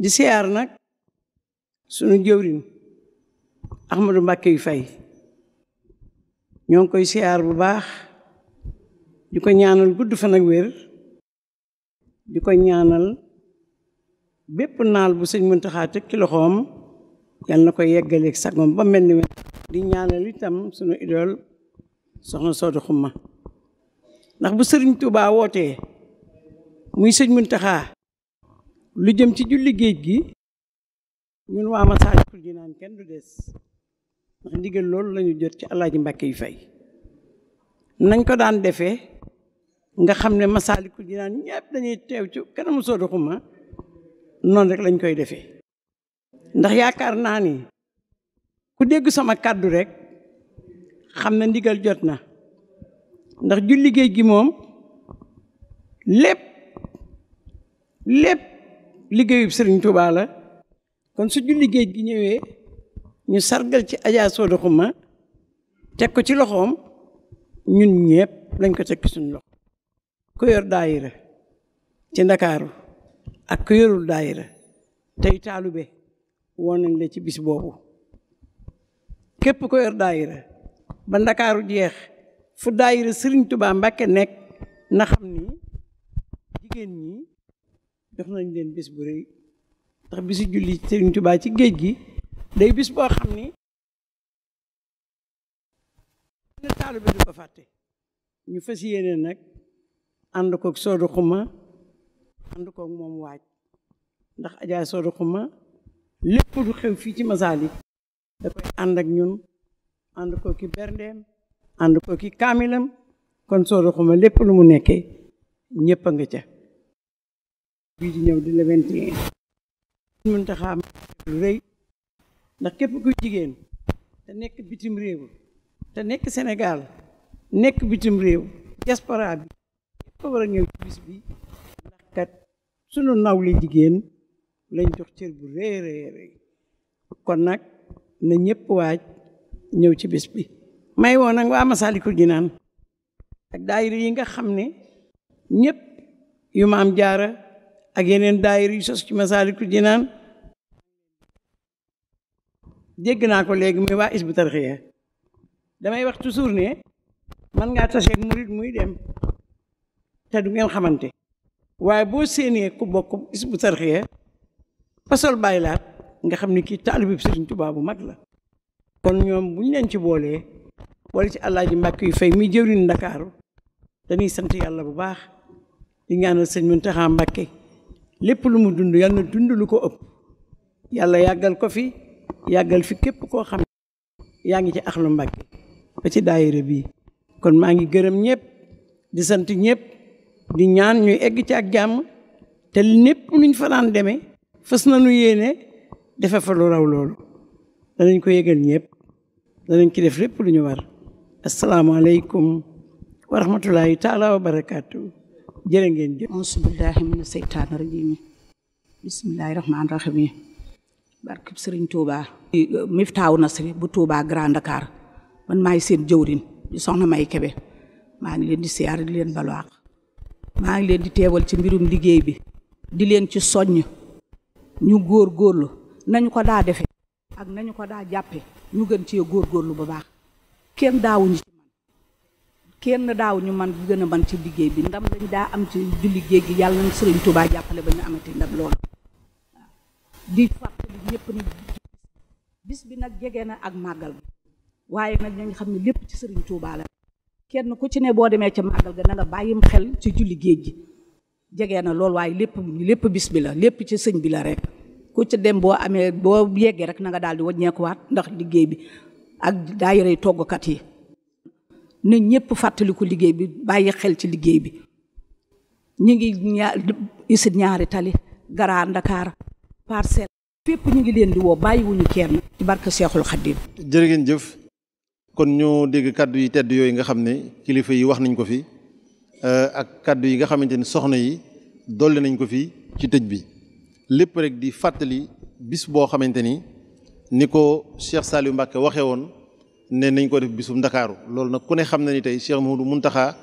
di siyaar nag sunu jëwriñ Ahmadou Mbàkke yu fay ñoo ngi koy siyaar bu baax di ko ñaanal gudd fan ak wér di ko ñaanal bépp naal bu sëñ Muntaxa teg ci loxoom yal na ko yeggaleeg sagoom ba mel ni di ñaanal itam sunu idool soxna Soodu Xumma ndax bu sëriñ Tuubaa wootee muy sëñ Muntaxa lu jëm ci julli géej gi ñun waa Masaalikul Jinaan kenn du des ndax ndigal loolu lañu jot ci Alaaji Mbàkke yi fay nañ ko daan defee nga xam ne Masaalikul Jinaan ñëpp dañuy teew ci kanamu Soodu Xuma noonu rek lañ koy defee ndax yaakaar naa ni ku dégg sama kàddu rek xam ne ndigal jot na ndax julli géej gi moom lépp lépp liggéeyub sëriñ Touba la kon su julli géej gi ñëwee ñu sargal ci Adja Soda Xuma teg ko ci loxoom ñun ñëpp lañ ko teg ci suñu loxo ku daayira ci ndakaaru ak ku yorul daayira tey taalube woon nañ la ci bis boobu képp ku yor daayira ba ndakaaru jeex fu daayira Serigne Touba Mbàkke nekk na xam ni jigéen ñi jox nañ leen bis bu rëy ndax bisu julli Sëriñ Tuubaa ci géej gi day bis boo xam ni benn du ko fàtte ñu fas yéene nag ànd koog soodu xuma ànd koog moom waaj ndax Adja soodu xuma lépp du xew fii ci Masalik da koy ànd ak ñun ànd ko ki berndeem ànd ko ki kaamilam kon soodu xuma lépp lu mu nekke ñëpp a nga ca bii di ñëw di le 21. mën ta xam lu rëy ndax képp kuy jigéen te nekk bitim réew te nekk Sénégal nekk bitim réew diaspora bi ko war a ñëw ci bis bi ndax kat sunu nawli jigéen lañ jox cër bu rëy rëy kon nag na ñëpp waaj ñëw ci bis bi may woon nag waa Masaalikul Jinaan ak daayira yi nga xam ne ñëpp yu maam jaara ak yeneen daayir yu sos ci Masaalikul Jinaan dégg naa ko léegi muy waa Hizbut Tarqiyyah damay wax toujours ne man ngaa taseeg murit muy dem te du ngeen xamante waaye boo séenee ku bokk Hizbut Tarqiyyah pasol bàyyi nga xam ni kii taalibu Sëriñ Tuubaa bu mag la kon ñoom buñ leen ci boolee boole ci Alaaji Mbàkke yu fay muy jëwriñ Ndakaaru dañuy sant yàlla bu baax di ñaanal sëñ Muntaxa Mbàkke lépp lu mu dund yàlla dund lu ko ëpp yàlla yàggal ko fi yàggal fi képp koo xam yaa ngi ci Axlu Mbàkke ba ci daayira bi kon maa ngi gërëm ñépp di sant ñëpp di ñaan ñuy egg ci ak jàmm te lépp nuñ fa daan demee fës nañu yéene defe fa lu raw loolu danañ ko yëgal ñëpp danañ ci def lépp lu ñu war asalaamaaleykum wa rahmatulahi taala wa barakaatu. jërë ngeen jëf ausubillahi mina seytaani rajim bismillahi rahmaani rahim barkib sëriñ Touba Miftaahu Nasri bu Touba Grand Dakar man maay seen jëwrin di soxna May Kebe maa ngi leen di siyaar di leen balwaax maa ngi leen di teebal ci mbirum liggéey bi di leen ci soññ ñu góor góorlu nañu ko daa defe ak nañu ko daa jàppe ñu gën cee góor góorlu bu baax kenn daawuñu ci kenn daaw ñu man gën a man ci liggéey bi ndam lañ daa am ci julli géej gi yàlla nañ sëriñ Tuubaa jàppale ba ñu amati ndam loolu di fàttali ñëpp ni bis bi nag jege na ak màggal bi waaye nag nañ xam ne lépp ci sëriñ Tuubaa la kenn ku ci ne boo demee ca màggal ga na bàyyim xel ci julli géej gi jege na loolu waaye lépp lépp bis bi la lépp ci sëñ bi la rek ku ci dem boo amee boo yeggee rek na nga daal di wàññeekuwaat ndax liggéey bi ak daayira toggkat yi ne ñëpp fàttaliku liggéey bi bàyyi xel ci liggéey bi ñu ngi ñaar isit ñaari tali Grand Dakar Parcelles fépp ñu ngi leen di woo bàyyiwuñu na ci barke Seexul Xaddim jërë ngeen jëf kon ñoo dégg kàddu yi tedd yooyu nga xam ne kilifa yi wax nañ ko fi euh, ak kàddu yi nga xamante ni soxna yi dolli nañ ko fi ci tëj bi lépp rek di fàttali bis boo xamante ni ni ko Cheikh Saliou Mbacke waxee woon ne nañ ko def bisum ndakaaru loolu nag ku ne xam na ni tey Cheikh Mouhamadou Mountakha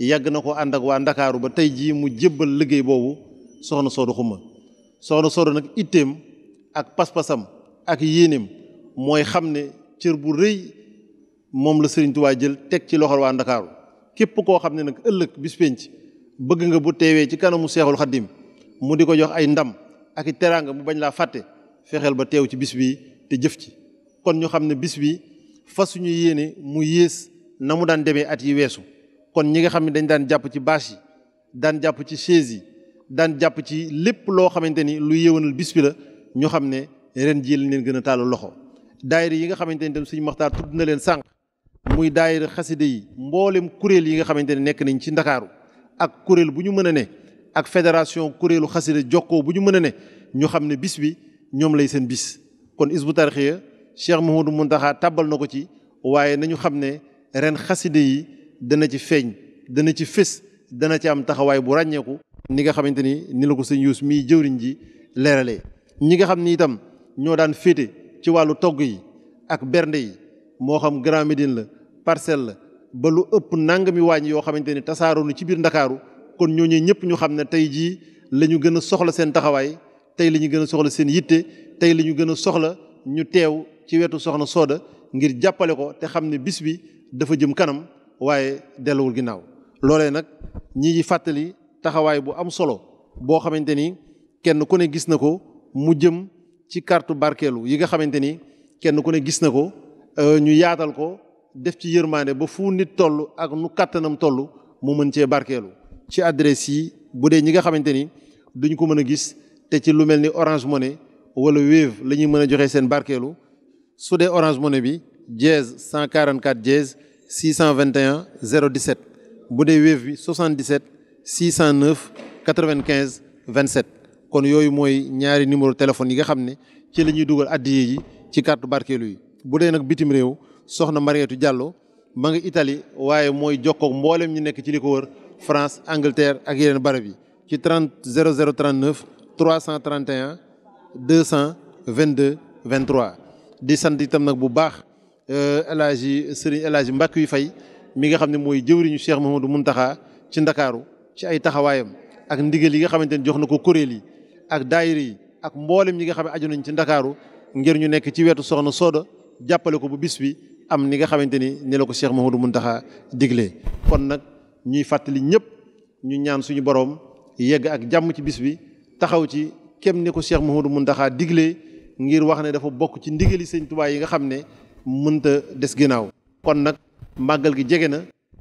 yàgg na ko ànd ak waa ndakaaru ba tey jii mu jébbal liggéey boobu soxna soodu xuma soxna soodu nag itteem ak pas-pasam ak yéeneem mooy xam ne cër bu rëy moom la Serigne waa jël teg ci loxol waa ndakaaru képp koo xam ne nag ëllëg bis penc bëgg nga bu teewee ci kanamu Seexul Xaddim mu di ko jox ay ndam ak i teraanga mu bañ laa fàtte fexeel ba teew ci bis bi te jëf ci kon ñu xam ne bis fasuñu yéene mu yées na mu daan demee at yi weesu kon ñi nga xam ne dañ daan jàpp ci bâche yi daan jàpp ci chaise yi daan jàpp ci lépp loo xamante ni lu yéwanal bis bi la ñu xam ne ren jii lañ leen gën a taalu loxo daayira yi nga xamante ni tam suñu maxtaar tudd na leen sànq muy daayira xaside yi mboolem kuréel yi nga xamante ne nekk nañ ci ndakaaru ak kuréel bu ñu mën a ne ak fédération kuréelu xaside jokkoo bu ñu mën a ne ñu xam ne bis bi ñoom lay seen bis kon Cheikh Mouhamadou Mountakha tàbbal na ko ci waaye nañu xam ne ren xaside yi dana ci feeñ dana ci fés dana ci am taxawaay bu ràññeeku ni nga xamante ni ni la ko sëñ Yuus mii jëwriñ ji leeralee ñi nga xam ni itam ñoo daan féete ci wàllu togg yi ak bernde yi moo xam Grand Médine la parcelle la ba lu ëpp nangami waañ yoo xamante ni tasaaroo ci biir ndakaaru kon ñooñu ñëpp ñu xam ne tey jii la ñu gën a soxla seen taxawaay tey la ñu gën a soxla seen yitte tey la ñu gën a soxla ñu teew ci wetu soxna Sooda ngir jàppale ko te xam ne bis bi dafa jëm kanam waaye delluwul ginnaaw loole nag ñi ngi fàttali taxawaay bu am solo boo xamante ni kenn ku ne gis na ko mu jëm ci kartu barkeelu yi nga xamante ni kenn ku ne gis na ko euh, ñu yaatal ko def ci yërmaande ba fu nit toll ak nu kàttanam toll mu mën cee barkeelu ci adresse yi bu dee ñi nga xamante ni duñ ko mën a gis te ci lu mel ni Orange Money wala Wave la ñuy mën a joxe seen barkeelu su dee Orange Money bi dièse 144 dièse 621 017 bu dee Wave bi 77 609 95 27 kon yooyu mooy ñaari numéro téléphone yi nga xam ne ci la ñuy dugal addiye yi ci carte barkeelu yi bu dee nag bitim réew soxna marietu Diallo ma ngi Italie waaye mooy jokkoog mboolem ñu nekk ci li ko wër France Angleterre ak yeneen barab yi ci 30 00 39 331 deux cent vingt deux vingt di sant itam nag bu baax euh, El Hadj Serigne El Hadj Mbackiou Faye mi nga xam ne mooy jëwriñu Cheikh mun Mountakha ci ndakaaru ci ay taxawaayam ak ndigal yi nga xamante ni jox na ko kuréel yi ak daayira yi ak mboolem ñi nga xam ne aju nañ ci ndakaaru ngir ñu nekk ci wetu soxna Soda jàppale ko bu bis bi am ni nga xamante ni ni la ko Cheikh mun taxa diglee kon nag ñuy fàttali ñëpp ñu ñaan suñu boroom yegg ak jàmm ci bis bi taxaw ci kem ni ko Cheikh Mouhamadou Mountakha digle ngir wax ne dafa bokk ci ndigali sëñ Tuubaa yi nga xam ne mënta des ginnaaw kon nag màggal gi jege na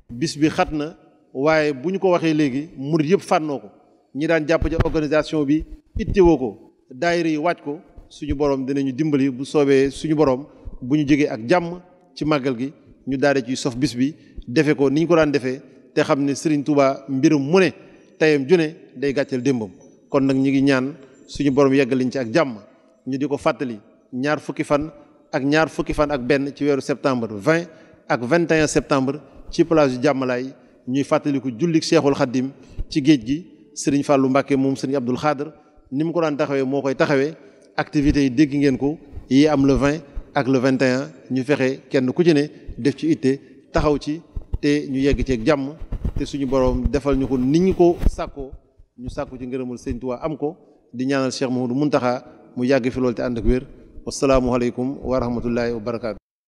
bis bi xat na waaye bu ñu ko waxee léegi murit yëpp fànnoo ko ñi daan jàpp ci organisation bi ittewoo ko daayira yi waaj ko suñu boroom dinañu dimbali bu soobee suñu boroom bu ñu jógee ak jàmm ci màggal gi ñu daa di ciy sof bis bi defe ko ni ñu ko daan defee te xam ne Serigne Touba mbirum mu ne tayam june day gàcceel démbam suñu borom yeggaliñ ci ak jàmm ñu di ko fàttali ñaar fukki fan ak ñaar fukki fan ak benn ci weeru septembre 20 ak vingt 21 septembre ci place yu jàmmalaay ñuy fàttaliku julli Seexul Xaddim ci géej gi sëriñ Fàllu Mbàkke moom sëriñ Abdul Xaadir ni mu ko daan taxawee moo koy taxawee activités yi dégg ngeen ko yi am le vingt ak le 21 ñu fexe kenn ku ci ne def ci ite taxaw ci te ñu yegg ci ak jàmm te suñu borom defal ñu ko ni ñu ko sàkkoo ñu sàkku ci ngërëmul Sëriñ Tuubaa am ko di ñaanal Cheikh Mouhamadou Mountakha mu yàgg fi loolu te ànd ak wér wasalaamualeykum wa rahmatullahi wa barakaatu.